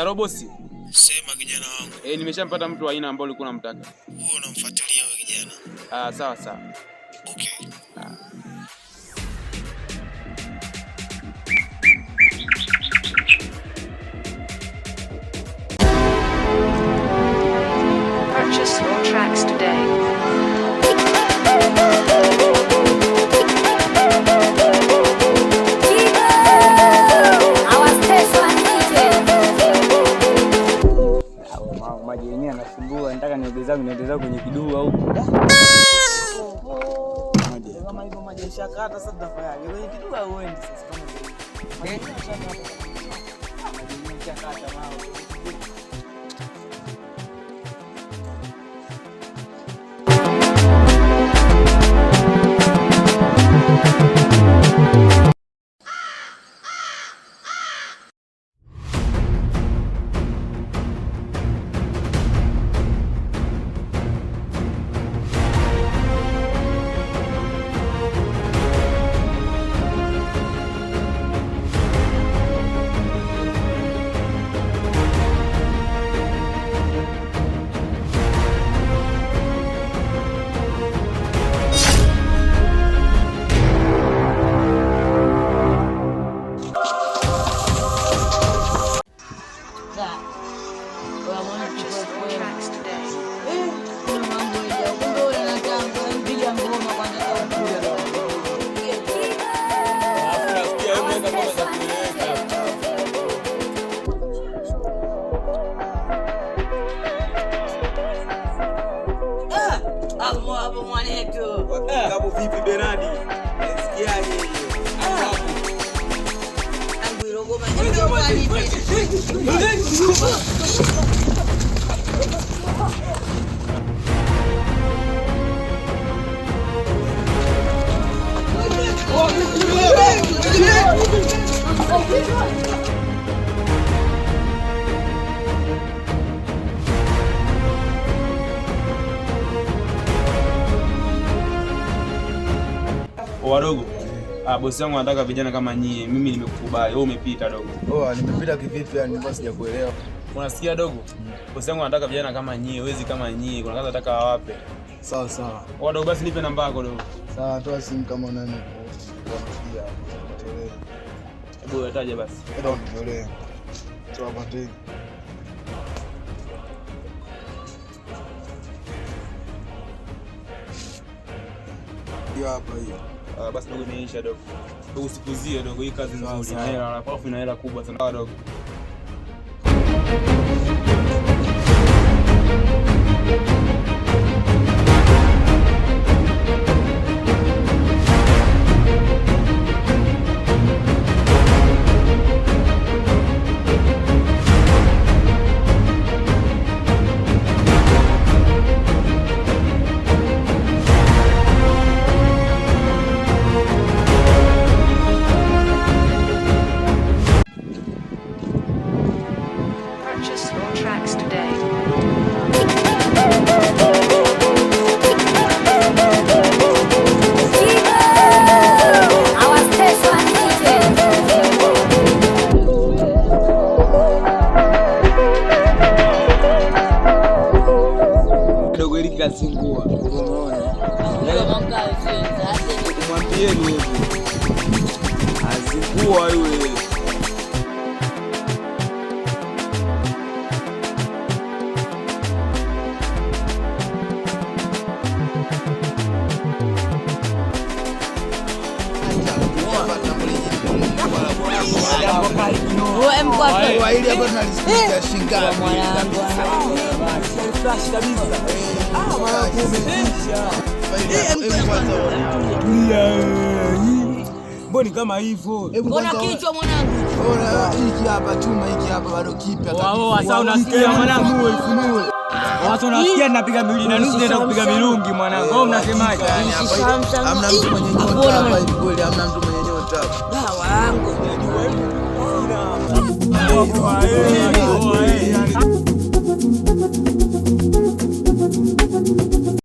ya Robosi. Sema kijana wangu. Eh, nimeshampata mtu wa aina ambao ulikuwa unamtaka. Wewe unamfuatilia wewe kijana. Ah, sawa sawa. Okay. kuelekea kwenye kidumu au O Arugo, Ah, bosi wangu anataka vijana kama nyie. Mimi nimekukubali. Wewe umepita dogo. Oh, nimepita kivipi yani nilikuwa sijakuelewa. Unasikia dogo? Mm. Bosi wangu anataka vijana kama nyie, wezi kama nyie. Kuna kazi anataka awape. Sawa sawa. Wewe oh, dogo basi nipe namba yako dogo. Sawa, toa simu kama unani. nini. Hebu ataje basi. Ndio oh. ndio. Toa basi. Hiyo hapa hiyo. uh, basi dogo imeisha dogo, usikuzie dogo, hii kazi nzuri na hela, alafu ina hela kubwa sana dogo. nikazingua. Mwambieni hivi azingua yule. Eh. Mwanangu fresh kabisa. Ah, mara umekicha. Mbona kama hivyo? Mbona kichwa mwanangu? Bora hiki hapa chuma hiki hapa bado kipya kabisa. Wao sasa unasikia mwanangu, ifunue. Watu unasikia napiga milungi na nusu nenda kupiga milungi mwanangu. Wewe unasemaje? Hamna mtu mwenye nyota hapa hivi kweli, hamna mtu mwenye nyota hapa. Ah, wangu. thank you